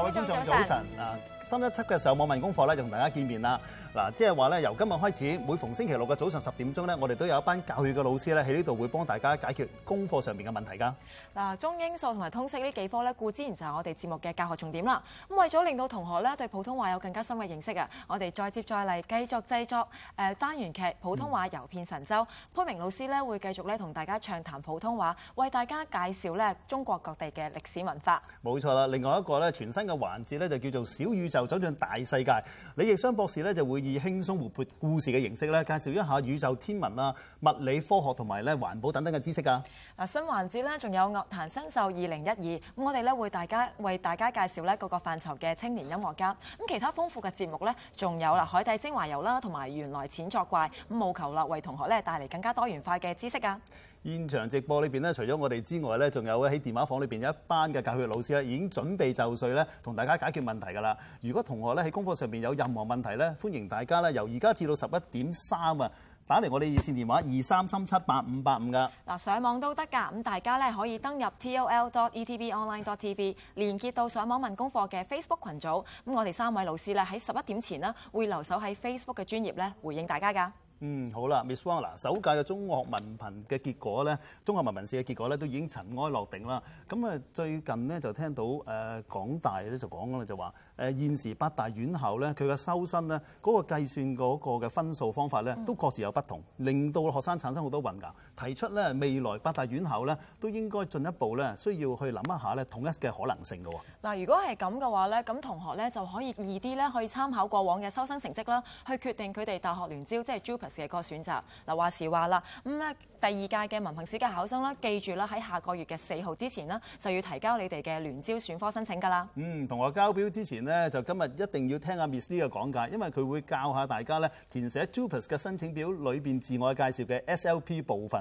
各位觀眾，早晨啊！新一輯嘅上網問功課咧，就同大家見面啦！嗱，即係話咧，由今日開始，每逢星期六嘅早上十點鐘呢，我哋都有一班教育嘅老師咧，喺呢度會幫大家解決功課上面嘅問題噶。嗱，中英數同埋通識呢幾科呢，固之然就係我哋節目嘅教學重點啦。咁為咗令到同學咧對普通話有更加深嘅認識啊，我哋再接再厲，繼續製作誒、呃、單元劇《普通話遊遍神州》嗯。潘明老師咧會繼續咧同大家暢談普通話，為大家介紹咧中國各地嘅歷史文化。冇錯啦，另外一個咧全新嘅環節咧就叫做小宇宙。又走進大世界，李奕商博士咧就會以輕鬆活潑故事嘅形式咧介紹一下宇宙天文啊、物理科學同埋咧環保等等嘅知識啊。嗱，新環節咧仲有樂壇新秀二零一二，咁我哋咧會大家為大家介紹咧各個範疇嘅青年音樂家。咁其他豐富嘅節目咧，仲有啦海底精華遊啦，同埋原來錢作怪，咁務求啦，為同學咧帶嚟更加多元化嘅知識啊！現場直播裏面，咧，除咗我哋之外咧，仲有喺電話房裏面有一班嘅教育老師咧，已經準備就緒咧，同大家解決問題㗎啦。如果同學咧喺功課上面有任何問題咧，歡迎大家咧由而家至到十一點三啊，打嚟我哋熱線電話二三三七八五八五㗎。嗱，上網都得㗎。咁大家咧可以登入 tol.dot.etvonline.dot.tv 連結到上網問功課嘅 Facebook 群組。咁我哋三位老師咧喺十一點前啦，會留守喺 Facebook 嘅專頁咧回應大家㗎。嗯，好啦，Miss Wong 嗱首屆嘅中學文憑嘅結果咧，中學文憑試嘅結果咧，都已經塵埃落定啦。咁啊，最近咧就聽到誒、呃、港大咧就講緊啦，就話。誒現時八大院校咧，佢嘅收生咧，嗰、那個計算嗰個嘅分數方法咧、嗯，都各自有不同，令到學生產生好多混淆。提出咧未來八大院校咧，都應該進一步咧，需要去諗一下咧統一嘅可能性嘅喎。嗱，如果係咁嘅話咧，咁同學咧就可以易啲咧，可以參考過往嘅收生成績啦，去決定佢哋大學聯招即係、就是、JUPAS 嘅個選擇。嗱話時話啦，咁咧第二屆嘅文憑試嘅考生咧，記住啦，喺下個月嘅四號之前啦，就要提交你哋嘅聯招選科申請㗎啦。嗯，同學交表之前，咧就今日一定要聽阿 Miss 呢個講解，因為佢會教下大家咧填寫 JUPAS 嘅申請表裏邊自我介紹嘅 SLP 部分。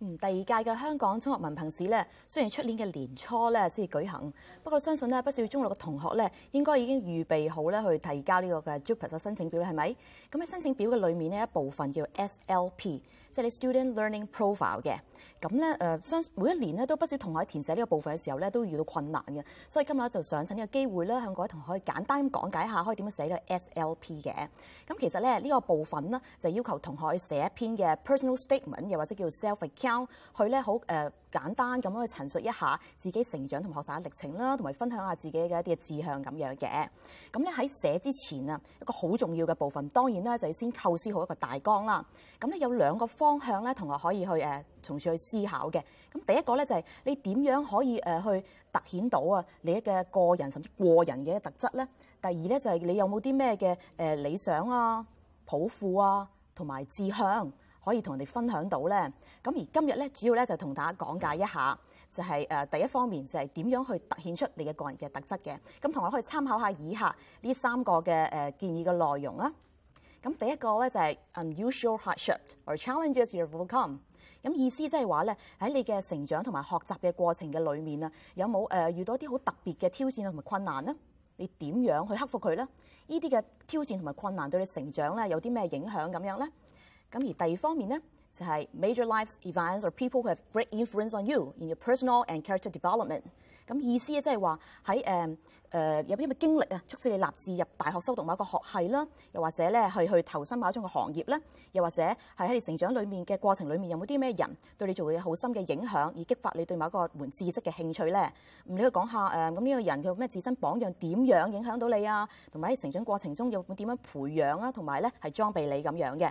嗯，第二屆嘅香港中學文憑試咧，雖然出年嘅年初咧先至舉行，不過我相信咧不少中六嘅同學咧，應該已經預備好咧去提交呢個嘅 JUPAS 嘅申請表啦，係咪？咁喺申請表嘅裏面咧，一部分叫 SLP。即係 student learning profile 嘅，咁咧、呃、相每一年咧都不少同學喺填寫呢個部分嘅時候咧都遇到困難嘅，所以今日咧就想趁呢個機會咧，向各位同學可以簡單咁講解一下，可以點樣寫到 SLP 嘅。咁其實咧呢、呢個部分咧就要求同學去寫一篇嘅 personal statement，又或者叫 self account，佢咧好簡單咁樣去陳述一下自己成長同學習嘅歷程啦，同埋分享下自己嘅一啲志向咁樣嘅。咁咧喺寫之前啊，一個好重要嘅部分，當然咧就要先構思好一個大綱啦。咁咧有兩個方向咧，同學可以去誒從處去思考嘅。咁第一個咧就係你點樣可以誒去突顯到啊你嘅個人甚至個人嘅特質咧。第二咧就係你有冇啲咩嘅誒理想啊抱負啊同埋志向。可以同人哋分享到咧，咁而今日咧主要咧就同大家講解一下，就係誒第一方面就係點樣去凸顯出你嘅個人嘅特質嘅，咁同我可以參考下以下呢三個嘅誒建議嘅內容啦。咁第一個咧就係 unusual hardship or challenges you overcome，咁意思即係話咧喺你嘅成長同埋學習嘅過程嘅裏面啊，有冇誒遇到一啲好特別嘅挑戰同埋困難咧？你點樣去克服佢咧？呢啲嘅挑戰同埋困難對你成長咧有啲咩影響咁樣咧？咁而第二方面咧，就係、是、major life's events or people who have great influence on you in your personal and character development。咁意思啊，即係話喺誒誒入邊有啲咩經歷啊，促使你立志入大學修讀某一個學系啦，又或者咧係去，去投身某一種嘅行業咧，又或者係喺你成長裡面嘅過程裡面有冇啲咩人對你做嘅好深嘅影響，以激發你對某一個門知識嘅興趣咧？唔，你可以講下誒咁呢個人佢有咩自身榜樣點樣影響到你啊，同埋喺成長過程中有冇點樣培養啊，同埋咧係裝備你咁樣嘅。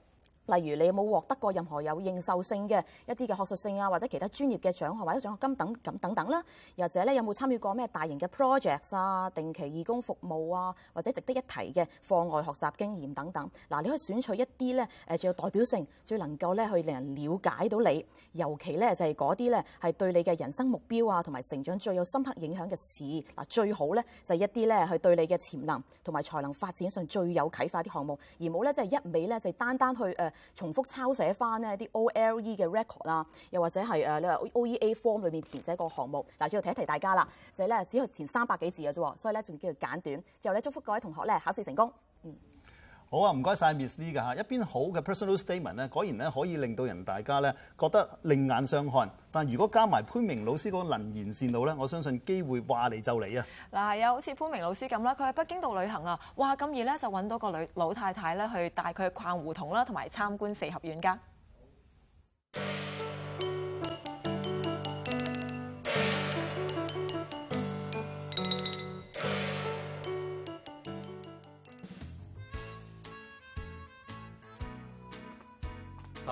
例如你有冇獲得過任何有認受性嘅一啲嘅學術性啊，或者其他專業嘅獎學或者獎學金等等等等啦？又或者咧有冇參與過咩大型嘅 project 啊、定期義工服務啊，或者值得一提嘅課外學習經驗等等？嗱，你可以選取一啲咧誒最有代表性、最能夠咧去令人了解到你，尤其咧就係嗰啲咧係對你嘅人生目標啊同埋成長最有深刻影響嘅事。嗱，最好咧就係一啲咧係對你嘅潛能同埋才能發展上最有啟發啲項目，而冇咧即係一味咧就係單單去誒。重複抄寫翻咧啲 O L E 嘅 record 啦，又或者係誒你話 O E A form 裏面填寫，一個項目，嗱，最後提一提大家啦，就係咧只係填三百幾字嘅啫，所以咧仲叫做簡短。然後咧，祝福各位同學咧考試成功。嗯。好啊，唔該晒 Miss Lee 㗎，一篇好嘅 personal statement 咧，果然咧可以令到人大家咧覺得另眼相看。但如果加埋潘明老師個能言善道咧，我相信機會話嚟就嚟啊！嗱，又好似潘明老師咁啦，佢喺北京度旅行啊，哇！咁易咧就搵到個女老太太咧去帶佢去逛胡同啦，同埋參觀四合院㗎。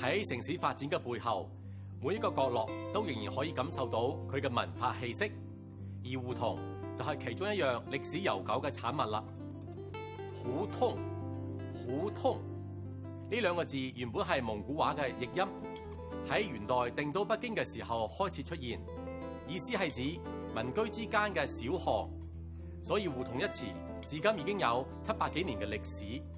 喺城市發展嘅背後，每一個角落都仍然可以感受到佢嘅文化氣息，而胡同就係其中一樣歷史悠久嘅產物啦。胡通」、「胡通」呢兩個字原本係蒙古話嘅譯音，喺元代定到北京嘅時候開始出現，意思係指民居之間嘅小巷，所以胡同一詞至今已經有七百幾年嘅歷史。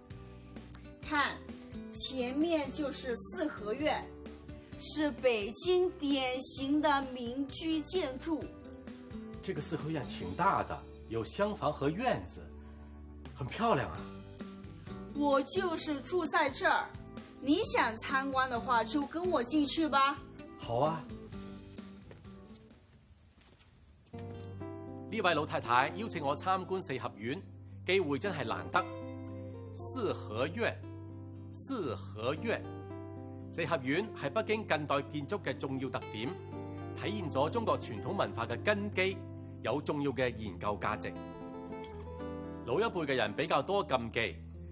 看，前面就是四合院，是北京典型的民居建築。這個四合院挺大的，有廂房和院子，很漂亮啊。我就是住在這兒，你想參觀的話就跟我進去吧。好啊。呢位老太太邀請我參觀四合院，機會真係難得。四合院。四合院，四合院係北京近代建築嘅重要特點，體現咗中國傳統文化嘅根基，有重要嘅研究價值。老一輩嘅人比較多禁忌，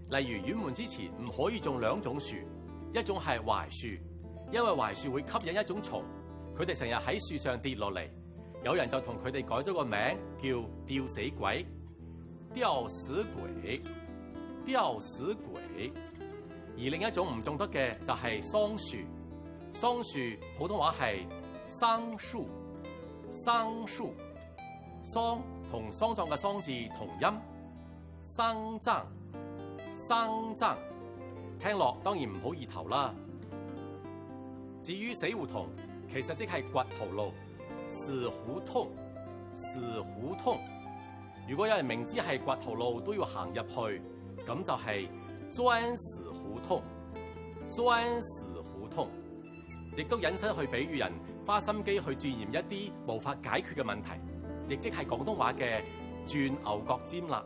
例如院門之前唔可以種兩種樹，一種係槐樹，因為槐樹會吸引一種蟲，佢哋成日喺樹上跌落嚟，有人就同佢哋改咗個名，叫吊死鬼、吊死鬼、吊死鬼。而另一種唔種得嘅就係桑樹，桑樹普通話係桑樹，桑樹桑同桑葬嘅桑字同音，生葬生葬，聽落當然唔好意頭啦。至於死胡同，其實即係掘頭路，死胡同死胡同。如果有人明知係掘頭路都要行入去，咁就係鑽死胡同，鑽死胡同，亦都引申去比喻人花心機去鑽研一啲無法解決嘅問題，亦即係廣東話嘅鑽牛角尖啦。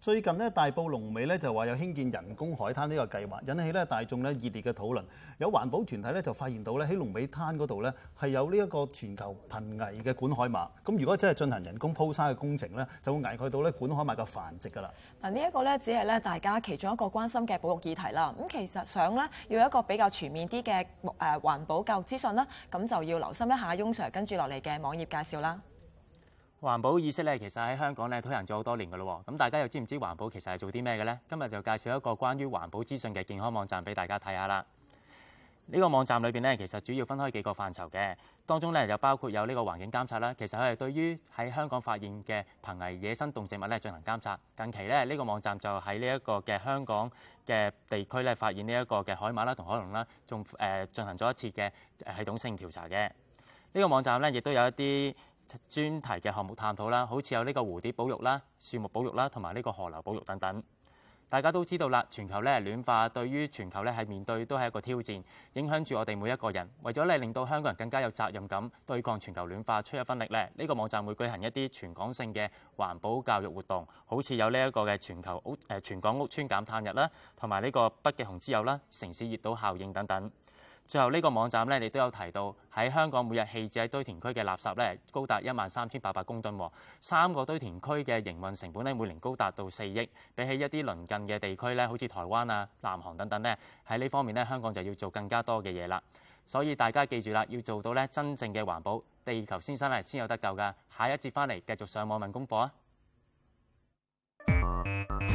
最近呢，大埔龍尾咧就話有興建人工海灘呢個計劃，引起咧大眾咧熱烈嘅討論。有環保團體咧就發現到咧喺龍尾灘嗰度咧係有呢一個全球瀕危嘅管海馬。咁如果真係進行人工鋪沙嘅工程咧，就會危害到咧管海馬嘅繁殖㗎啦。嗱，呢一個咧只係咧大家其中一個關心嘅保育議題啦。咁其實想咧要一個比較全面啲嘅誒環保教育資訊啦，咁就要留心一下翁 Sir 跟住落嚟嘅網頁介紹啦。環保意識咧，其實喺香港咧推行咗好多年嘅咯。咁大家又知唔知環保其實係做啲咩嘅呢？今日就介紹一個關於環保資訊嘅健康網站俾大家睇下啦。呢個網站裏邊咧，其實主要分開幾個範疇嘅，當中咧就包括有呢個環境監測啦。其實佢係對於喺香港發現嘅瀕危野生動植物咧進行監測。近期咧，呢個網站就喺呢一個嘅香港嘅地區咧發現呢一個嘅海馬啦同海龍啦，仲誒進行咗一次嘅系統性調查嘅。呢個網站咧亦都有一啲。專題嘅項目探討啦，好似有呢個蝴蝶保育啦、樹木保育啦，同埋呢個河流保育等等。大家都知道啦，全球咧暖化對於全球咧係面對都係一個挑戰，影響住我哋每一個人。為咗咧令到香港人更加有責任感對抗全球暖化，出一分力咧，呢個網站會舉行一啲全港性嘅環保教育活動，好似有呢一個嘅全球屋誒全港屋村減碳日啦，同埋呢個北極熊之友啦、城市熱島效應等等。最後呢個網站呢，你都有提到喺香港每日棄置喺堆填區嘅垃圾呢，高達一萬三千八百公噸。三個堆填區嘅營運成本呢，每年高達到四億，比起一啲鄰近嘅地區呢，好似台灣啊、南韓等等呢，喺呢方面呢，香港就要做更加多嘅嘢啦。所以大家記住啦，要做到呢真正嘅環保，地球先生呢先有得救㗎。下一節返嚟繼續上網問功課啊！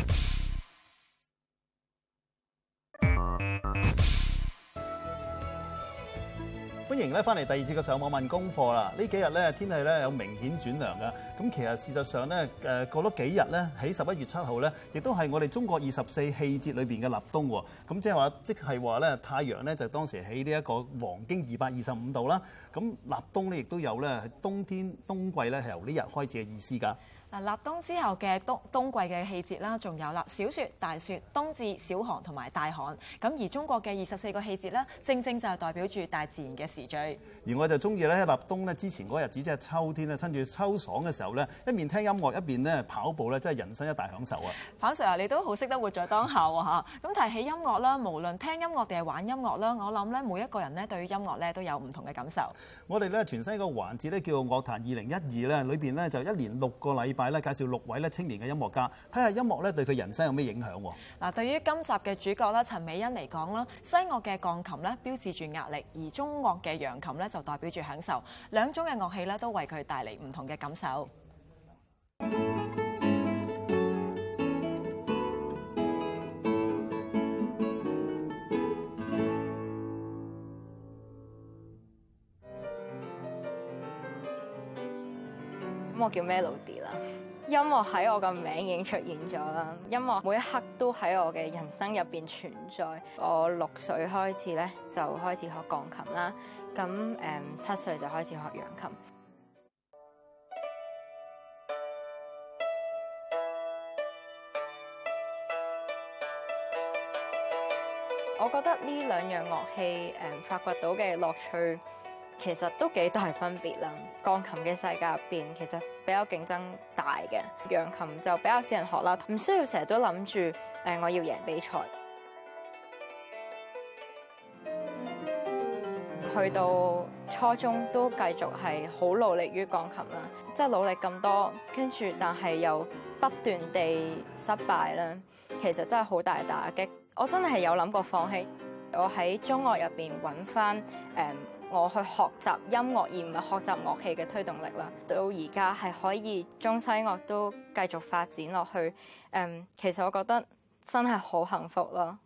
歡迎咧翻嚟第二次嘅上網問功課啦，這幾呢幾日咧天氣咧有明顯轉涼噶。咁其實事實上咧，誒過多幾日咧，喺十一月七號咧，亦都係我哋中國二十四氣節裏邊嘅立冬喎。咁即係話，即係話咧，太陽咧就當時喺呢一個黃經二百二十五度啦。咁立冬咧亦都有咧，冬天冬季咧係由呢日開始嘅意思㗎。立冬之後嘅冬冬季嘅氣節啦，仲有啦，小雪、大雪、冬至、小寒同埋大寒。咁而中國嘅二十四個氣節咧，正正就係代表住大自然嘅時序。而我就中意咧立冬咧之前嗰日子，即係秋天咧，趁住秋爽嘅時候咧，一面聽音樂一邊咧跑步咧，真係人生一大享受啊！彭 Sir 啊，你都好識得活在當下啊！嚇，咁提起音樂啦，無論聽音樂定係玩音樂啦，我諗咧每一個人咧對於音樂咧都有唔同嘅感受。我哋咧全新一個環節咧叫做樂壇二零一二咧，裏邊咧就一年六個禮拜。介紹六位青年嘅音樂家，睇下音樂咧對佢人生有咩影響喎。嗱、啊，對於今集嘅主角咧，陳美恩嚟講啦，西樂嘅鋼琴咧標誌住壓力，而中樂嘅揚琴咧就代表住享受，兩種嘅樂器咧都為佢帶嚟唔同嘅感受。我叫 Melody 啦，音樂喺我嘅名已經出現咗啦。音樂每一刻都喺我嘅人生入邊存在。我六歲開始咧就開始學鋼琴啦，咁誒七歲就開始學揚琴。我覺得呢兩樣樂器誒，發掘到嘅樂趣。其實都幾大分別啦。鋼琴嘅世界入邊其實比較競爭大嘅，揚琴就比較少人學啦。唔需要成日都諗住誒，我要贏比賽。去到初中都繼續係好努力於鋼琴啦，即係努力咁多，跟住但係又不斷地失敗啦。其實真係好大打擊，我真係有諗過放棄。我喺中樂入邊揾翻誒，我去學習音樂而唔係學習樂器嘅推動力啦，到而家係可以中西樂都繼續發展落去。嗯，其實我覺得真係好幸福咯～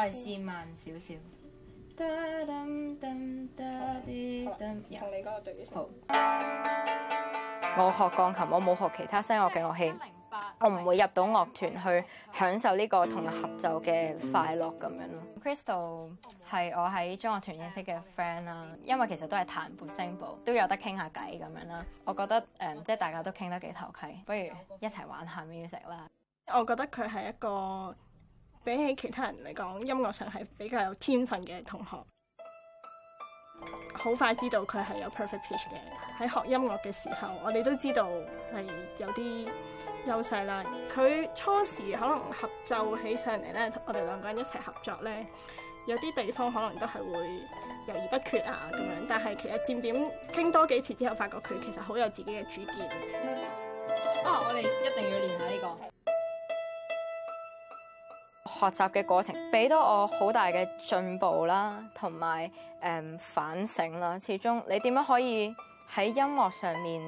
我係試慢少少。同、嗯、你嗰個對比先。我學鋼琴，我冇學其他聲樂嘅樂器。我唔會入到樂團去享受呢個同人合奏嘅快樂咁、嗯、樣咯。Crystal 係我喺中樂團認識嘅 friend 啦，因為其實都係彈撥聲部，都有得傾下偈咁樣啦。我覺得誒、呃，即係大家都傾得幾投契，不如一齊玩下 music 啦。我覺得佢係一個。比起其他人嚟講，音樂上係比較有天分嘅同學，好快知道佢係有 perfect pitch 嘅。喺學音樂嘅時候，我哋都知道係有啲優勢啦。佢初時可能合奏起上嚟咧，我哋兩個人一齊合作咧，有啲地方可能都係會猶豫不決啊咁樣。但係其實漸漸傾多幾次之後，發覺佢其實好有自己嘅主見。啊！我哋一定要練下呢個。學習嘅過程，俾到我好大嘅進步啦，同埋誒反省啦。始終你點樣可以喺音樂上面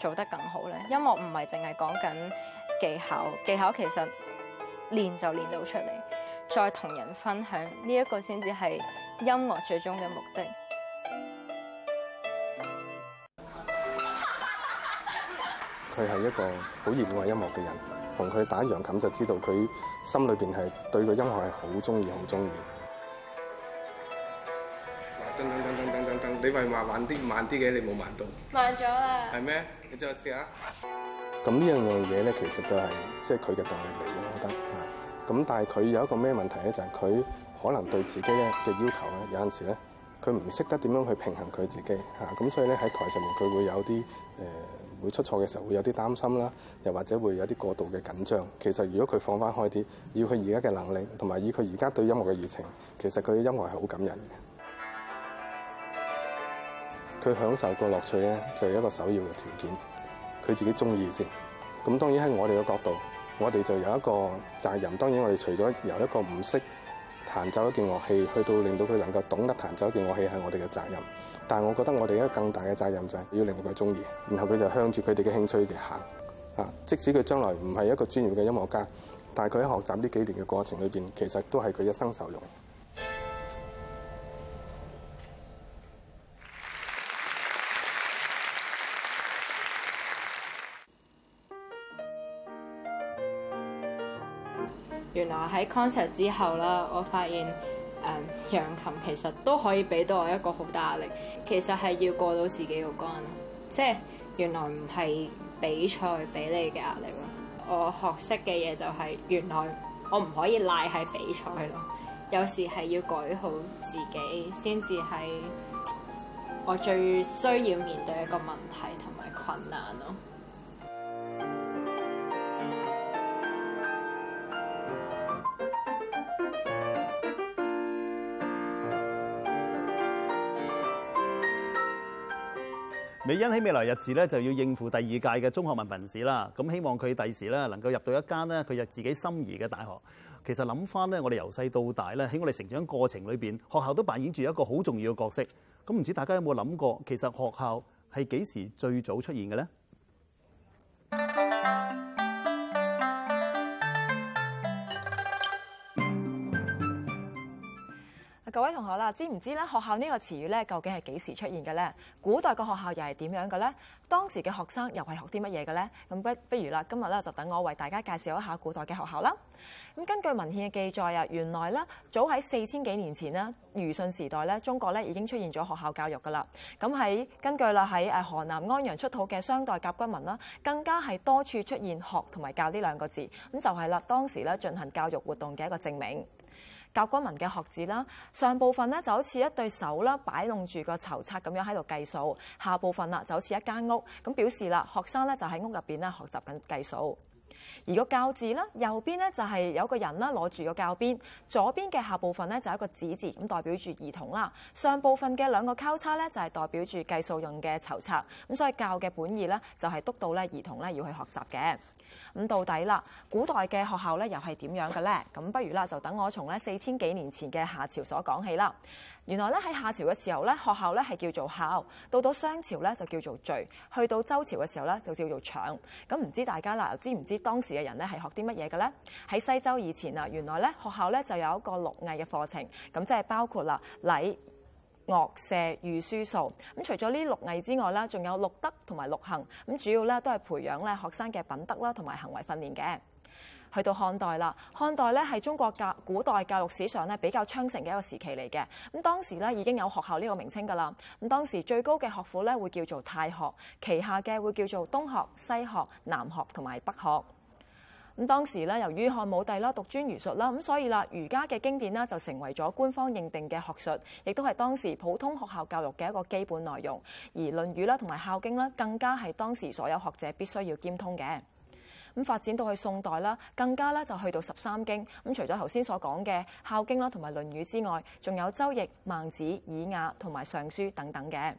做得更好咧？音樂唔係淨係講緊技巧，技巧其實練就練到出嚟，再同人分享呢一個先至係音樂最終嘅目的。佢係一個好熱愛音樂嘅人。同佢打揚琴就知道佢心裏邊係對個音樂係好中意，好中意。等等等等等等等，你咪話慢啲慢啲嘅？你冇慢到。慢咗啦。係咩？你再試下。咁呢樣樣嘢咧，其實就係即係佢嘅動力嚟，嘅。我覺得。咁但係佢有一個咩問題咧？就係佢可能對自己咧嘅要求咧，有陣時咧。佢唔識得點樣去平衡佢自己嚇，咁所以咧，喺台上面佢會有啲誒、呃、會出錯嘅時候會有啲擔心啦，又或者會有啲過度嘅緊張。其實如果佢放翻開啲，以佢而家嘅能力同埋以佢而家對音樂嘅熱情，其實佢嘅音樂係好感人嘅。佢享受個樂趣咧，就係一個首要嘅條件。佢自己中意先，咁當然喺我哋嘅角度，我哋就有一個責任。當然我哋除咗有一個唔識。彈奏一件樂器，去到令到佢能夠懂得彈奏一件樂器係我哋嘅責任。但係我覺得我哋一個更大嘅責任就係要令到佢中意，然後佢就向住佢哋嘅興趣嚟行。即使佢將來唔係一個專業嘅音樂家，但係佢喺學習呢幾年嘅過程裏邊，其實都係佢一生受用。原來喺 concert 之後啦，我發現誒揚琴其實都可以俾到我一個好大壓力。其實係要過到自己個關，即係原來唔係比賽俾你嘅壓力咯。我學識嘅嘢就係原來我唔可以賴喺比賽咯，有時係要改好自己先至係我最需要面對一個問題同埋困難咯。美恩喺未來日子咧就要應付第二屆嘅中學文憑試啦，咁希望佢第時咧能夠入到一間咧佢有自己心儀嘅大學。其實諗翻咧，我哋由細到大咧喺我哋成長過程裏邊，學校都扮演住一個好重要嘅角色。咁唔知大家有冇諗過，其實學校係幾時最早出現嘅咧？各位同學啦，知唔知咧學校呢個詞語咧究竟係幾時出現嘅呢？古代嘅學校又係點樣嘅呢？當時嘅學生又係學啲乜嘢嘅呢？咁不不如啦，今日咧就等我為大家介紹一下古代嘅學校啦。咁根據文獻嘅記載啊，原來咧早喺四千幾年前呢虞舜時代咧，中國咧已經出現咗學校教育噶啦。咁喺根據啦喺河南安陽出土嘅商代甲骨文啦，更加係多處出現學同埋教呢兩個字，咁就係啦當時咧進行教育活動嘅一個證明。教公文嘅學字啦，上部分咧就好似一對手啦，擺弄住個籌策咁樣喺度計數，下部分啦就好似一間屋，咁表示啦學生咧就喺屋入邊啦學習緊計數。而個教字咧，右邊咧就係有個人啦，攞住個教鞭，左邊嘅下部分咧就係一個子字，咁代表住兒童啦。上部分嘅兩個交叉咧就係代表住計數用嘅籌策，咁所以教嘅本意咧就係督到咧兒童咧要去學習嘅。咁到底啦，古代嘅學校咧又係點樣嘅呢？咁不如啦，就等我從咧四千幾年前嘅夏朝所講起啦。原來咧喺夏朝嘅時候咧，學校咧係叫做校；到到商朝咧就叫做序；去到周朝嘅時候咧就叫做庠。咁唔知大家啦，又知唔知當時嘅人咧係學啲乜嘢嘅咧？喺西周以前啊，原來咧學校咧就有一個六藝嘅課程，咁即係包括啦禮。樂、射、御、書、數。咁，除咗呢六藝之外呢，仲有六德同埋六行。咁，主要呢都係培養咧學生嘅品德啦，同埋行為訓練嘅。去到漢代啦，漢代呢係中國教古代教育史上咧比較昌盛嘅一個時期嚟嘅。咁當時呢已經有學校呢個名稱噶啦。咁當時最高嘅學府呢會叫做太學，旗下嘅會叫做東學、西學、南學同埋北學。咁當時咧，由於漢武帝啦獨尊儒術啦，咁所以啦，儒家嘅經典咧就成為咗官方認定嘅學術，亦都係當時普通學校教育嘅一個基本內容。而《論語》啦同埋《孝經》啦，更加係當時所有學者必須要兼通嘅。咁發展到去宋代啦，更加咧就去到十三經咁，除咗頭先所講嘅《孝經》啦同埋《論語》之外，仲有《周易》、《孟子》、《爾雅》同埋《尚書》等等嘅。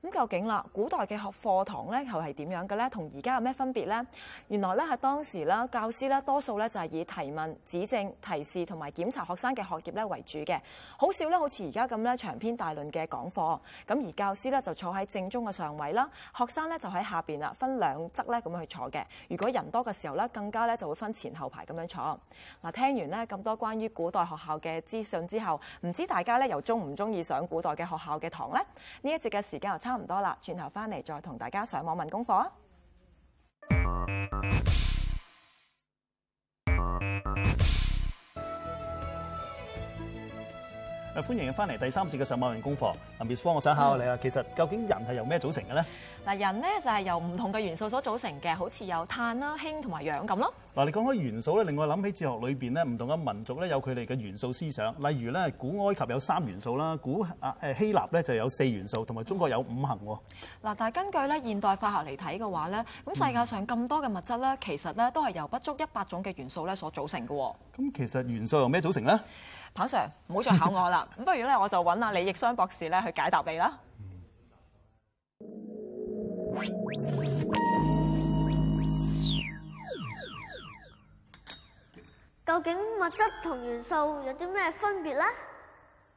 咁究竟啦，古代嘅學課堂咧，又係點樣嘅咧？同而家有咩分別咧？原來咧，喺當時咧，教師咧多數咧就係以提問指正、提示同埋檢查學生嘅學業咧為主嘅，好少咧好似而家咁咧長篇大論嘅講課，咁而教師咧就坐喺正中嘅上位啦，學生咧就喺下邊啦，分兩側咧咁樣去坐嘅。如果人多嘅時候咧，更加咧就會分前後排咁樣坐。嗱，聽完咧咁多關於古代學校嘅資訊之後，唔知大家咧又中唔中意上古代嘅學校嘅堂咧？呢一節嘅時間。差唔多啦，轉頭翻嚟再同大家上網問功課。歡迎翻嚟第三次嘅上網人功課。Miss 方，我想考下你啊，其實究竟人係由咩組成嘅咧？嗱，人咧就係由唔同嘅元素所組成嘅，好似有碳啦、氫同埋氧咁咯。嗱，你講開元素咧，令我諗起哲學裏邊咧，唔同嘅民族咧有佢哋嘅元素思想。例如咧，古埃及有三元素啦，古啊誒希臘咧就有四元素，同埋中國有五行。嗱，但係根據咧現代化學嚟睇嘅話咧，咁世界上咁多嘅物質咧，其實咧都係由不足一百種嘅元素咧所組成嘅。咁其實元素由咩組成咧？彭 Sir，唔好再考我啦！咁不如咧，我就揾阿李亦商博士咧去解答你啦。嗯。究竟物質同元素有啲咩分別咧？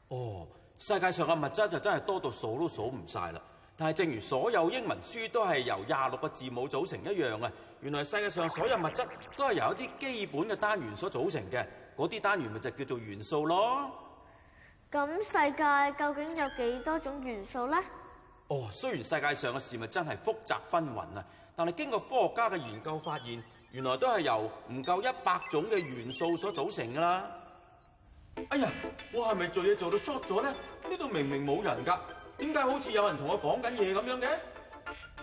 哦，世界上嘅物質就真係多到數都數唔晒啦。但係正如所有英文書都係由廿六個字母組成一樣嘅，原來世界上所有物質都係由一啲基本嘅單元所組成嘅。嗰啲單元咪就叫做元素咯。咁世界究竟有幾多種元素咧？哦，雖然世界上嘅事物真係複雜紛紜啊，但係經過科學家嘅研究發現，原來都係由唔夠一百種嘅元素所組成噶啦。哎呀，我係咪做嘢做到 short 咗咧？呢度明明冇人噶，點解好似有人同我講緊嘢咁樣嘅？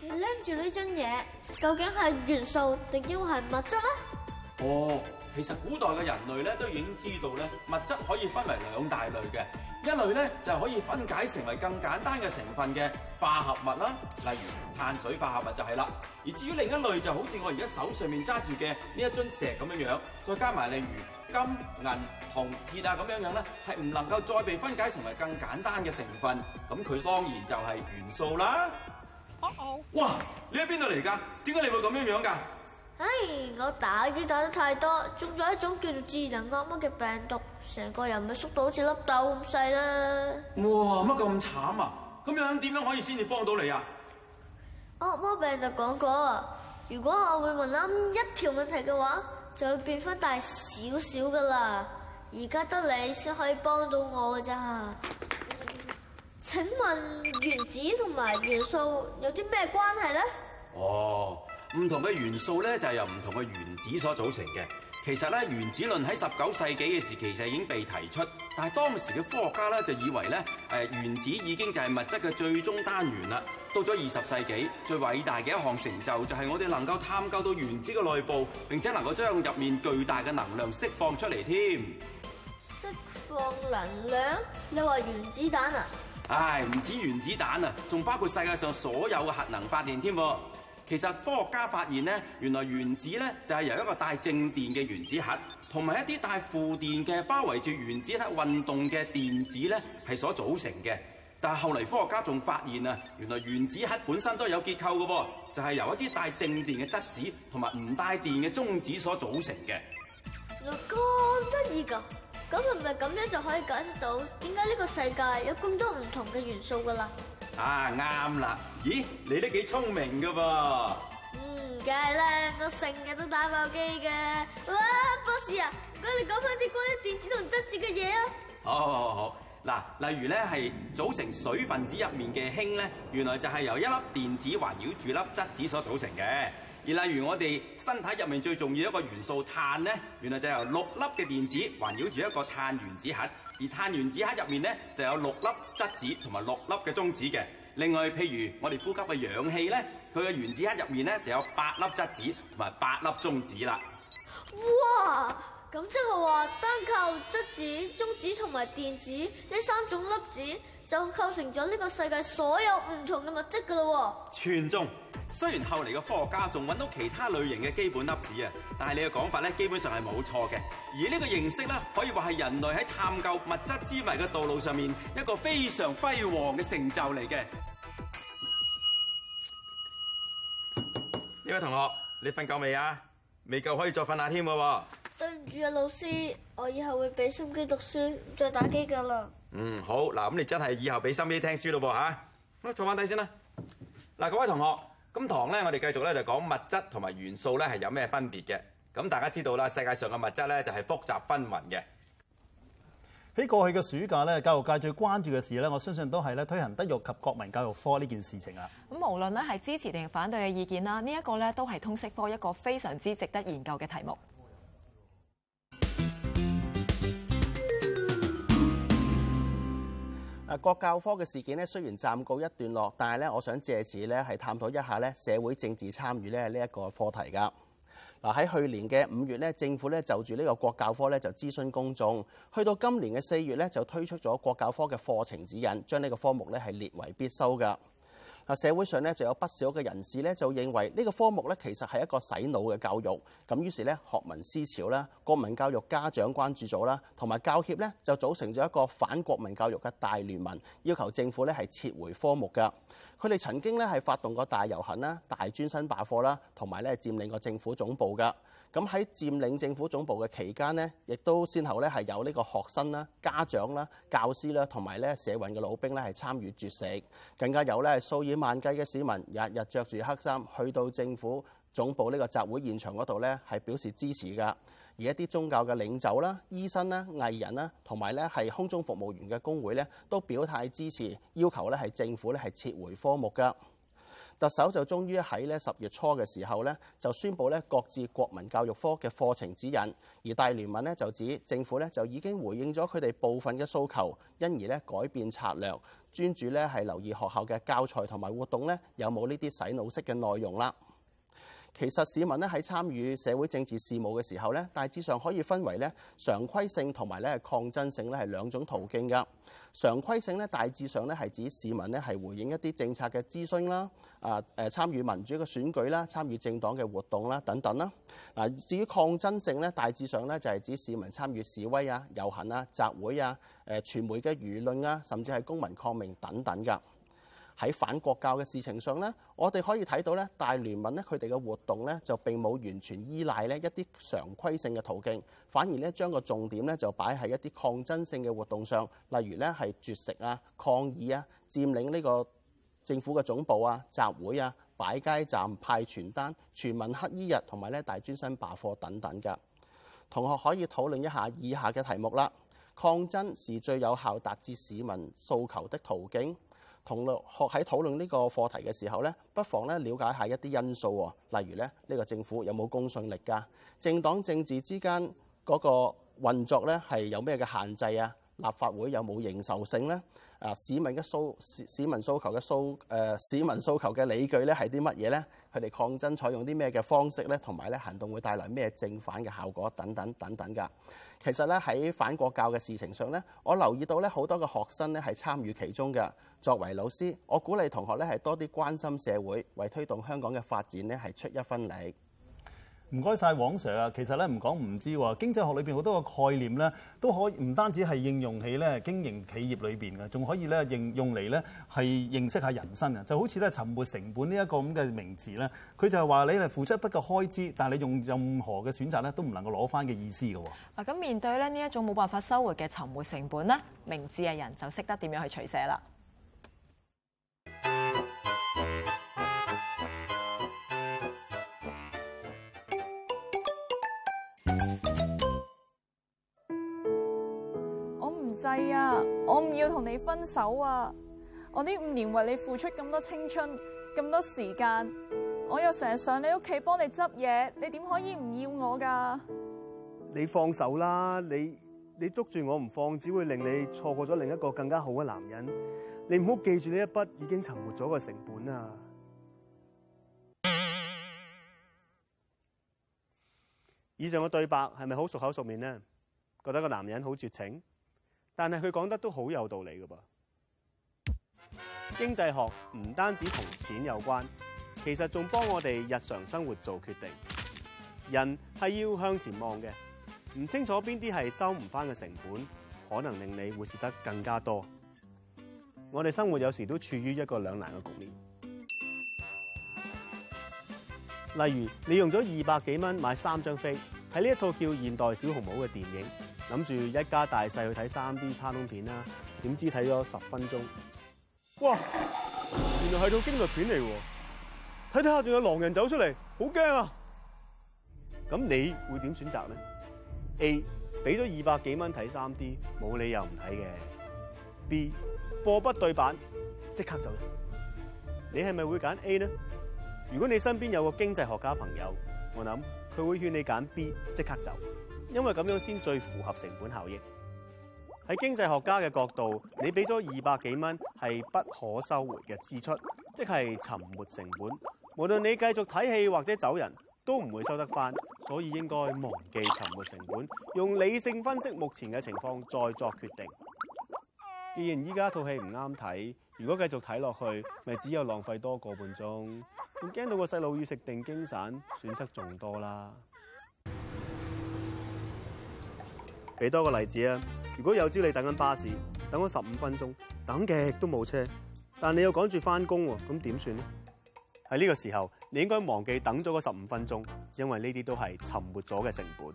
你拎住呢樽嘢，究竟係元素定要係係物質咧？哦。其實古代嘅人類咧都已經知道咧物質可以分為兩大類嘅，一類咧就係可以分解成為更簡單嘅成分嘅化合物啦，例如碳水化合物就係啦。而至於另一類就好似我而家手上面揸住嘅呢一樽石咁樣樣，再加埋例如金、銀、銅、鐵啊咁樣樣咧，係唔能夠再被分解成為更簡單嘅成分，咁佢當然就係元素啦。哦哇！你喺邊度嚟噶？點解你會咁樣樣噶？唉，我打機打得太多，中咗一種叫做智能惡魔嘅病毒，成個人咪縮到好似粒豆咁細啦！哇，乜咁慘啊？咁樣點樣可以先至幫到你啊？惡魔病毒講過，如果我會問啱一條問題嘅話，就會變翻大少少噶啦。而家得你先可以幫到我噶咋、嗯？請問原子同埋元素有啲咩關係咧？哦。唔同嘅元素咧就係由唔同嘅原子所組成嘅。其實咧，原子論喺十九世紀嘅時期就已經被提出，但係當時嘅科學家咧就以為咧誒，原子已經就係物質嘅最終單元啦。到咗二十世紀，最偉大嘅一項成就就係我哋能夠探究到原子嘅內部，並且能夠將入面巨大嘅能量釋放出嚟添。釋放能量？你話原子彈啊？唉，唔止原子彈啊，仲包括世界上所有嘅核能發電添噃。其實科學家發現咧，原來原子咧就係由一個帶正電嘅原子核，同埋一啲帶負電嘅包圍住原子核運動嘅電子咧係所組成嘅。但係後嚟科學家仲發現啊，原來原子核本身都有結構㗎喎，就係由一啲帶正電嘅質子，同埋唔帶電嘅中子所組成嘅。原來咁得意㗎，咁係咪咁樣就可以解釋到點解呢個世界有咁多唔同嘅元素㗎啦？啊啱啦！咦，你都幾聰明噶噃，啊？嗯，梗係啦，我成日都打爆機嘅。哇，博士啊，不如你講翻啲關於電子同質子嘅嘢啊！好好好好，嗱，例如咧係組成水分子入面嘅氫咧，原來就係由一粒電子環繞住粒質子所組成嘅。而例如我哋身體入面最重要一個元素碳咧，原來就由六粒嘅電子環繞住一個碳原子核。而碳原子核入面咧就有六粒質子同埋六粒嘅中子嘅。另外，譬如我哋呼吸嘅氧氣咧，佢嘅原子核入面咧就有八粒質子同埋八粒中子啦。哇！咁即係話單靠質子、中子同埋電子呢三種粒子，就構成咗呢個世界所有唔同嘅物質噶啦，全中。雖然後嚟嘅科學家仲揾到其他類型嘅基本粒子啊，但係你嘅講法咧，基本上係冇錯嘅。而呢個認識咧，可以話係人類喺探究物質之謎嘅道路上面一個非常輝煌嘅成就嚟嘅。呢位同學，你瞓夠未啊？未夠可以再瞓下添嘅。對唔住啊，老師，我以後會俾心機讀書，再打機噶啦。嗯，好嗱，咁你真係以後俾心機聽書咯，吓、啊。咁坐翻低先啦。嗱，各位同學，咁堂咧，我哋繼續咧就講物質同埋元素咧係有咩分別嘅。咁大家知道啦，世界上嘅物質咧就係、是、複雜紛紜嘅。喺過去嘅暑假咧，教育界最關注嘅事咧，我相信都係咧推行德育及國民教育科呢件事情啊。咁無論咧係支持定反對嘅意見啦，呢、這、一個咧都係通識科一個非常之值得研究嘅題目。啊，國教科嘅事件咧雖然暫告一段落，但係咧，我想借此咧係探討一下咧社會政治參與咧呢一個課題㗎。嗱，喺去年嘅五月咧，政府咧就住呢個國教科咧就諮詢公眾，去到今年嘅四月咧就推出咗國教科嘅課程指引，將呢個科目咧係列為必修㗎。啊，社會上咧就有不少嘅人士咧就認為呢個科目咧其實係一個洗腦嘅教育，咁於是咧學民思潮啦、國民教育家長關注組啦，同埋教協咧就組成咗一個反國民教育嘅大聯盟，要求政府咧係撤回科目嘅。佢哋曾經咧係發動過大遊行啦、大專生罷課啦，同埋咧佔領過政府總部嘅。咁喺佔領政府總部嘅期間呢，亦都先後咧係有呢個學生啦、家長啦、教師啦，同埋咧社運嘅老兵咧係參與絕食，更加有咧數以萬計嘅市民日日着住黑衫去到政府總部呢個集會現場嗰度咧係表示支持㗎。而一啲宗教嘅領袖啦、醫生啦、藝人啦，同埋咧係空中服務員嘅工會咧都表態支持，要求咧係政府咧係撤回科目㗎。特首就終於喺咧十月初嘅時候咧，就宣布咧擱置國民教育科嘅課程指引，而大聯盟咧就指政府咧就已經回應咗佢哋部分嘅訴求，因而咧改變策略，專注咧係留意學校嘅教材同埋活動咧有冇呢啲洗腦式嘅內容啦。其實市民咧喺參與社會政治事務嘅時候咧，大致上可以分為咧常規性同埋咧抗爭性咧係兩種途徑嘅。常規性咧大致上咧係指市民咧係回應一啲政策嘅諮詢啦，啊誒參與民主嘅選舉啦，參與政黨嘅活動啦等等啦。嗱，至於抗爭性咧，大致上咧就係指市民參與示威啊、遊行啊、集會啊、誒傳媒嘅輿論啊，甚至係公民抗命等等㗎。喺反國教嘅事情上呢，我哋可以睇到咧，大聯盟咧佢哋嘅活動咧就並冇完全依賴咧一啲常規性嘅途徑，反而咧將個重點咧就擺喺一啲抗爭性嘅活動上，例如咧係絕食啊、抗議啊、佔領呢個政府嘅總部啊、集會啊、擺街站、派傳單、全民黑衣日同埋咧大專生罷課等等㗎。同學可以討論一下以下嘅題目啦：抗爭是最有效達至市民訴求的途徑？同學喺討論呢個課題嘅時候咧，不妨咧了解下一啲因素喎，例如咧呢個政府有冇公信力㗎？政黨政治之間嗰個運作咧係有咩嘅限制啊？立法會有冇認受性咧？啊，市民嘅訴，市民訴求嘅訴，誒、呃，市民訴求嘅理據咧係啲乜嘢咧？佢哋抗爭採用啲咩嘅方式咧？同埋咧行動會帶來咩正反嘅效果等等等等㗎。其實在喺反國教嘅事情上，我留意到咧好多嘅學生咧係參與其中的。作為老師，我鼓勵同學是多啲關心社會，為推動香港嘅發展係出一分力。唔該晒，王 Sir 啊！其實咧，唔講唔知喎。經濟學裏邊好多個概念咧，都可以唔單止係應用喺咧經營企業裏邊嘅，仲可以咧應用嚟咧係認識下人生嘅。就好似咧沉沒成本呢一個咁嘅名詞咧，佢就係話你係付出一筆嘅開支，但係你用任何嘅選擇咧都唔能夠攞翻嘅意思嘅喎。啊！咁面對咧呢一種冇辦法收回嘅沉沒成本咧，明智嘅人就識得點樣去取捨啦。係、哎、啊，我唔要同你分手啊！我呢五年為你付出咁多青春，咁多時間，我又成日上你屋企幫你執嘢，你點可以唔要我噶？你放手啦！你你捉住我唔放，只會令你錯過咗另一個更加好嘅男人。你唔好記住呢一筆已經沉沒咗嘅成本啊、嗯！以上嘅對白係咪好熟口熟面呢？覺得個男人好絕情？但係佢講得都好有道理嘅噃，經濟學唔單止同錢有關，其實仲幫我哋日常生活做決定。人係要向前望嘅，唔清楚邊啲係收唔翻嘅成本，可能令你會蝕得更加多。我哋生活有時都處於一個兩難嘅局面。例如，你用咗二百幾蚊買三張飛，喺呢一套叫《現代小紅帽》嘅電影。諗住一家大細去睇 3D 卡通片啦，點知睇咗十分鐘，哇！原來係套驚慄片嚟喎，睇睇下仲有狼人走出嚟，好驚啊！咁你會點選擇呢？A，俾咗二百幾蚊睇 3D，冇理由唔睇嘅。B，貨不對版，即刻走。你係咪會揀 A 呢？如果你身邊有個經濟學家朋友，我諗佢會勸你揀 B，即刻走。因為噉樣，先最符合成本效益。喺經濟學家嘅角度，你俾咗二百幾蚊係不可收回嘅支出，即係沉沒成本。無論你繼續睇戲或者走人都唔會收得返，所以應該忘記沉沒成本，用理性分析目前嘅情況再作決定。既然依家套戲唔啱睇，如果繼續睇落去，咪只有浪費多個半鐘，會驚到個細路要食定驚散，損失仲多啦。俾多個例子啊！如果有朝你等緊巴士，等咗十五分鐘，等極都冇車，但你又趕住翻工喎，咁點算咧？喺呢個時候，你應該忘記等咗嗰十五分鐘，因為呢啲都係沉沒咗嘅成本。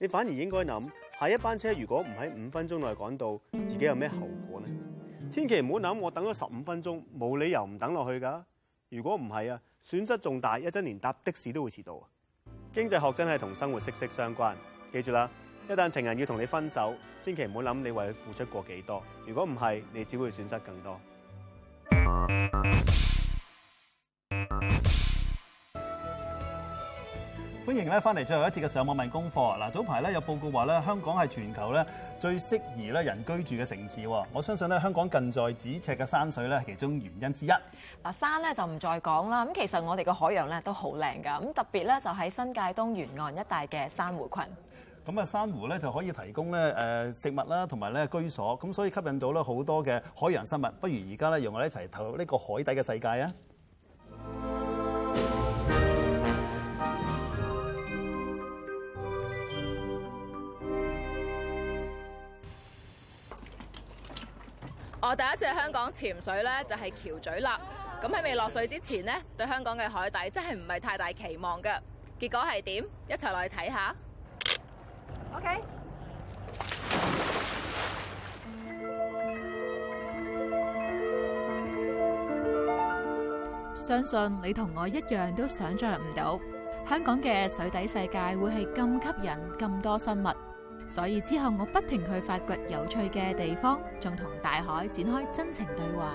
你反而應該諗下一班車如果唔喺五分鐘內趕到，自己有咩後果呢？千祈唔好諗我等咗十五分鐘，冇理由唔等落去噶。如果唔係啊，損失仲大，一陣連搭的士都會遲到啊！經濟學真係同生活息息相關，記住啦。一旦情人要同你分手，千祈唔好諗你為佢付出過幾多。如果唔係，你只會損失更多。歡迎咧，翻嚟最後一節嘅上網問功課。嗱，早排咧有報告話咧，香港係全球咧最適宜咧人居住嘅城市。我相信咧，香港近在咫尺嘅山水咧，係其中原因之一。嗱，山咧就唔再講啦。咁其實我哋嘅海洋咧都好靚噶。咁特別咧就喺新界東沿岸一帶嘅珊瑚群。咁啊，珊瑚咧就可以提供咧誒食物啦，同埋咧居所，咁所以吸引到咧好多嘅海洋生物。不如而家咧，用我一齊投入呢個海底嘅世界啊！我第一次喺香港潛水咧，就係橋咀啦。咁喺未落水之前呢，對香港嘅海底真係唔係太大期望嘅。結果係點？一齊落去睇下。Ok，相信你同我一樣都想象唔到，香港嘅水底世界會係咁吸引咁多生物，所以之後我不停去發掘有趣嘅地方，仲同大海展開真情對話。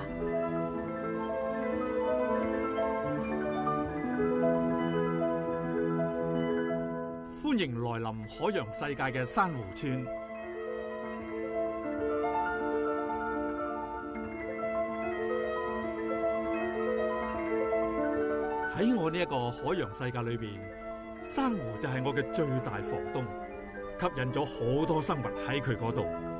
歡迎來臨海洋世界嘅珊瑚村。喺我呢一個海洋世界裏邊，珊瑚就係我嘅最大房東，吸引咗好多生物喺佢嗰度。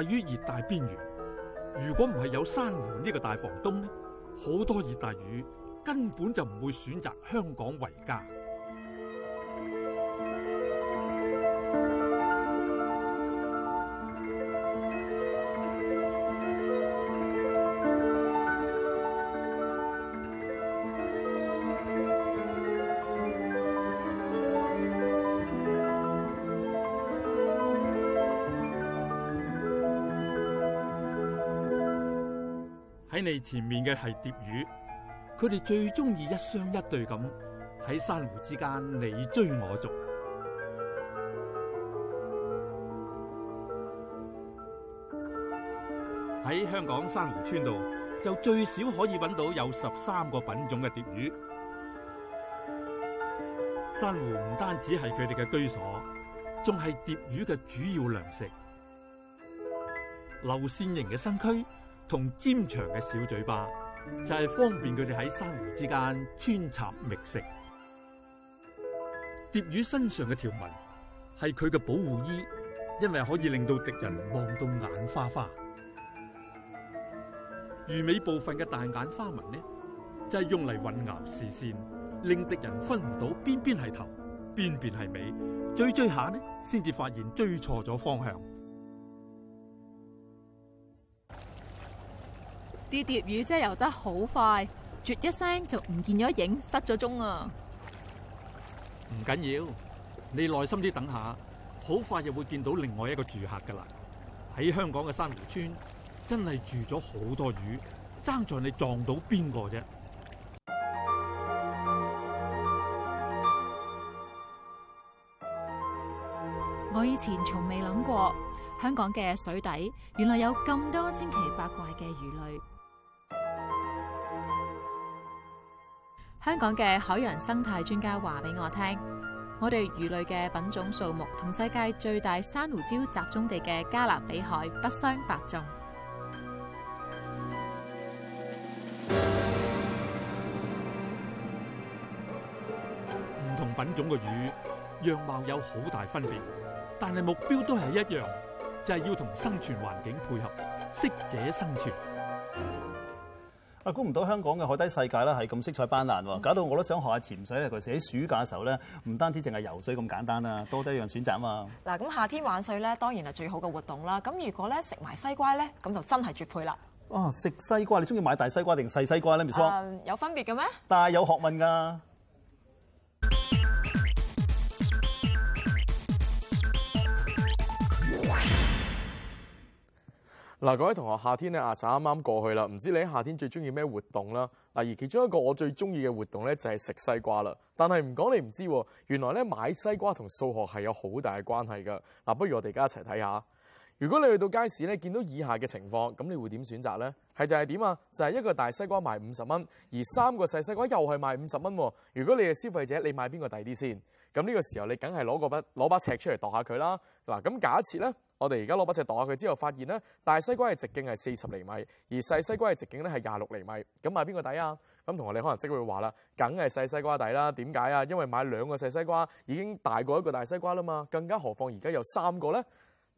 位於熱帶邊緣，如果唔係有珊瑚呢個大房東呢，好多熱帶魚根本就唔會選擇香港為家。前面嘅係蝶魚，佢哋最中意一雙一對咁喺珊瑚之間你追我逐。喺香港珊瑚群度，就最少可以揾到有十三個品種嘅蝶魚。珊瑚唔單止係佢哋嘅居所，仲係蝶魚嘅主要糧食。流綫型嘅身軀。同尖長嘅小嘴巴，就係方便佢哋喺珊瑚之間穿插覓食。蝶魚身上嘅條紋係佢嘅保護衣，因為可以令到敵人望到眼花花。魚尾部分嘅大眼花紋呢，就係用嚟混淆視線，令敵人分唔到邊邊係頭，邊邊係尾，追追下呢，先至發現追錯咗方向。啲蝶魚真係游得好快，啜一聲就唔見咗影，失咗蹤啊！唔緊要，你耐心啲等下，好快就會見到另外一個住客㗎喇。喺香港嘅珊瑚村，真係住咗好多魚，爭在你撞到邊個啫。我以前從未諗過，香港嘅水底原來有咁多千奇百怪嘅魚類。香港嘅海洋生態專家話俾我聽，我哋魚類嘅品種數目同世界最大珊瑚礁集中地嘅加勒比海不相伯仲。唔同品種嘅魚樣貌有好大分別，但係目標都係一樣，就係要同生存環境配合，適者生存。啊！估唔到香港嘅海底世界啦，係咁色彩斑斕喎，搞到我都想學下潛水啊！尤其是喺暑假嘅時候咧，唔單止淨係游水咁簡單啦，多一樣選擇啊嘛！嗱，咁夏天玩水咧，當然係最好嘅活動啦。咁如果咧食埋西瓜咧，咁就真係絕配啦！啊，食西瓜，你中意買大西瓜定細西瓜咧？Uh, 有分別嘅咩？大有學問㗎！嗱，各位同學，夏天咧阿茶啱啱過去啦。唔知你喺夏天最中意咩活動啦？嗱，而其中一個我最中意嘅活動咧就係食西瓜啦。但係唔講你唔知，原來咧買西瓜同數學係有好大嘅關係噶。嗱，不如我哋而家一齊睇下。如果你去到街市咧，見到以下嘅情況，咁你會點選擇咧？係就係點啊？就係、是、一個大西瓜賣五十蚊，而三個細西瓜又係賣五十蚊。如果你係消費者，你買邊個抵啲先？咁呢個時候你個，你梗係攞個筆攞把尺出嚟度下佢啦。嗱，咁假設呢，我哋而家攞把尺度下佢之後，發現呢大西瓜嘅直徑係四十厘米，而細西瓜嘅直徑呢係廿六厘米。咁買邊個抵啊？咁同學你可能即會話啦，梗係細西瓜抵啦。點解啊？因為買兩個細西瓜已經大過一個大西瓜啦嘛。更加何況而家有三個呢。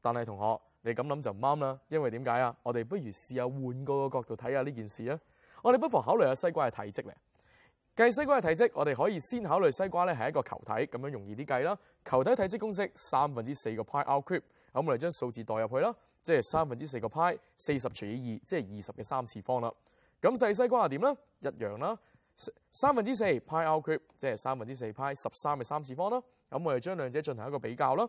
但係同學，你咁諗就唔啱啦。因為點解啊？我哋不如試下換個，個角度睇下呢件事啊。我哋不妨考慮下西瓜嘅體積嚟。計西瓜嘅體積，我哋可以先考慮西瓜咧，係一個球體，咁樣容易啲計啦。球體體積公式，三分之四個派 R cube。咁我哋將數字代入去啦，即係三分之四個派四十除以二，即係二十嘅三次方啦。咁細西瓜係點呢？一樣啦，三分之四派 R cube，即係三分之四派十三嘅三次方啦。咁我哋將兩者進行一個比較啦，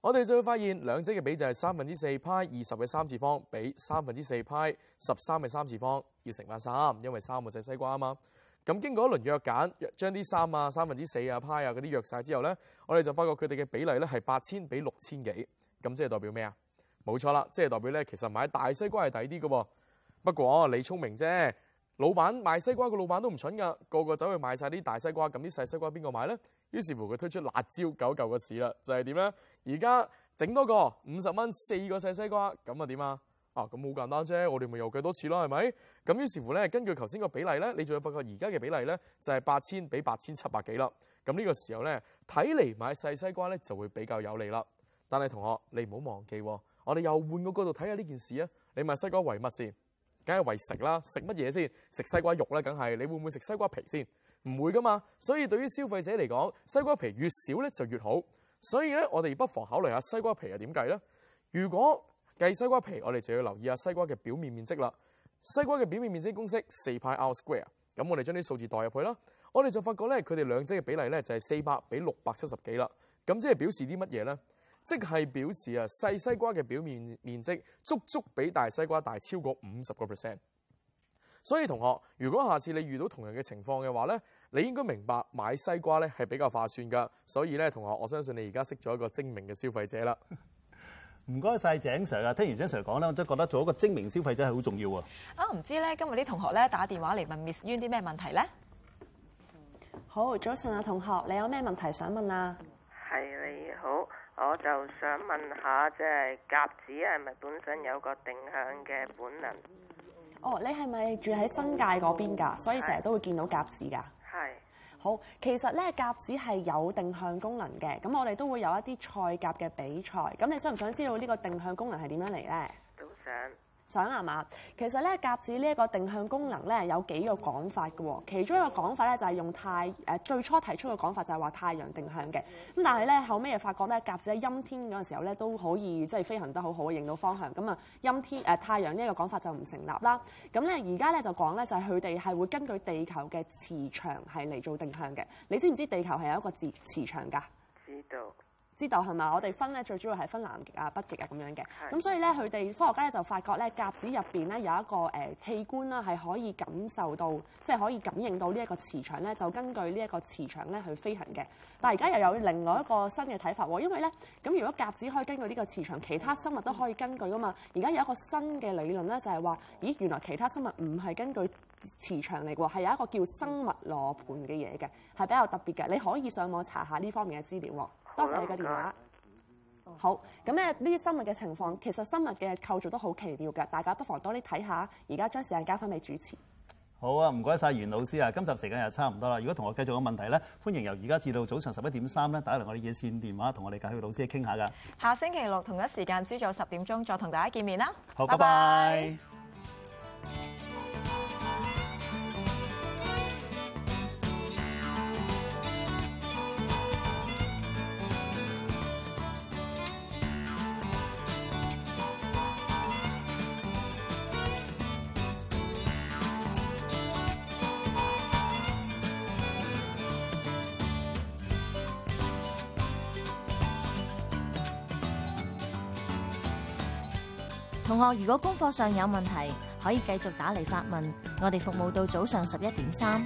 我哋就會發現兩者嘅比就係三分之四派二十嘅三次方比三分之四派十三嘅三次方，要乘翻三，因為三個細西瓜啊嘛。咁經過一輪約簡，將啲三啊三分之四啊派啊嗰啲約晒之後咧，我哋就發覺佢哋嘅比例咧係八千比六千幾，咁即係代表咩啊？冇錯啦，即係代表咧，其實買大西瓜係抵啲嘅喎。不過你聰明啫，老闆賣西瓜嘅老闆都唔蠢㗎，個個走去買晒啲大西瓜，咁啲細西瓜邊個買咧？於是乎佢推出辣椒九舊嘅市啦，就係點咧？而家整多個五十蚊四個細西瓜，咁啊點啊？啊，咁好簡單啫！我哋咪又計多次啦，係咪？咁於是乎呢，根據頭先個比例呢，你仲會發覺而家嘅比例呢，就係八千比八千七百幾啦。咁呢個時候呢，睇嚟買細西瓜呢就會比較有利啦。但係同學，你唔好忘記，我哋又換個角度睇下呢件事啊！你買西瓜為乜先？梗係為食啦，食乜嘢先？食西瓜肉呢，梗係。你會唔會食西瓜皮先？唔會噶嘛。所以對於消費者嚟講，西瓜皮越少呢就越好。所以呢，我哋不妨考慮下西瓜皮係點計呢？如果計西瓜皮，我哋就要留意下西瓜嘅表面面積啦。西瓜嘅表面面積公式，四派 r square，咁我哋將啲數字代入去啦。我哋就發覺咧，佢哋兩者嘅比例咧就係四百比六百七十幾啦。咁即係表示啲乜嘢呢？即係表示啊細西瓜嘅表面面積足足比大西瓜大超過五十個 percent。所以同學，如果下次你遇到同樣嘅情況嘅話呢，你應該明白買西瓜呢係比較划算噶。所以呢，同學，我相信你而家識咗一個精明嘅消費者啦。唔該晒，井 Sir 啊！聽完井 Sir 講咧，我真係覺得做一個精明消費者係好重要啊！啊、哦，唔知咧今日啲同學咧打電話嚟問 Miss Yuen 啲咩問題咧？好，早晨啊同學，你有咩問題想問啊？係你好，我就想問下，即係鴿子係咪本身有個定向嘅本能？哦，你係咪住喺新界嗰邊㗎？所以成日都會見到鴿子㗎？好，其實咧鴿子係有定向功能嘅，咁我哋都會有一啲賽鴿嘅比賽，咁你想唔想知道呢個定向功能係點樣嚟呢？都想。想係、啊、嘛？其實咧，鴿子呢一個定向功能咧有幾個講法嘅喎。其中一個講法咧就係用太，誒最初提出嘅講法就係話太陽定向嘅，咁，但係咧後尾又發覺咧鴿子喺陰天嗰陣時候咧都可以即係飛行得好好，認到方向咁。啊陰天誒，太陽呢一個講法就唔成立啦。咁咧而家咧就講咧就係佢哋係會根據地球嘅磁場係嚟做定向嘅。你知唔知地球係有一個磁磁場㗎？知道。知道係嘛？我哋分咧最主要係分南極啊、北極啊咁樣嘅咁，所以咧佢哋科學家咧就發覺咧，鴿子入邊咧有一個誒、呃、器官啦，係可以感受到即係、就是、可以感應到呢一個磁場咧，就根據呢一個磁場咧去飛行嘅。但係而家又有另外一個新嘅睇法喎，因為咧咁如果鴿子可以根據呢個磁場，其他生物都可以根據噶嘛。而家有一個新嘅理論咧，就係話咦，原來其他生物唔係根據磁場嚟喎，係有一個叫生物羅盤嘅嘢嘅，係比較特別嘅。你可以上網查下呢方面嘅資料喎。多謝你嘅電話。好，咁咧呢啲生物嘅情況，其實生物嘅構造都好奇妙㗎，大家不妨多啲睇下。而家將時間交翻俾主持。好啊，唔該晒，袁老師啊，今集時間又差唔多啦。如果同學繼續有問題咧，歡迎由而家至到早上十一點三咧打嚟我哋熱線電話，同我哋教書老師傾下噶。下星期六同一時間朝早十點鐘再同大家見面啦。好，拜拜。Bye bye 同學，如果功課上有問題，可以繼續打嚟發問。我哋服務到早上十一點三。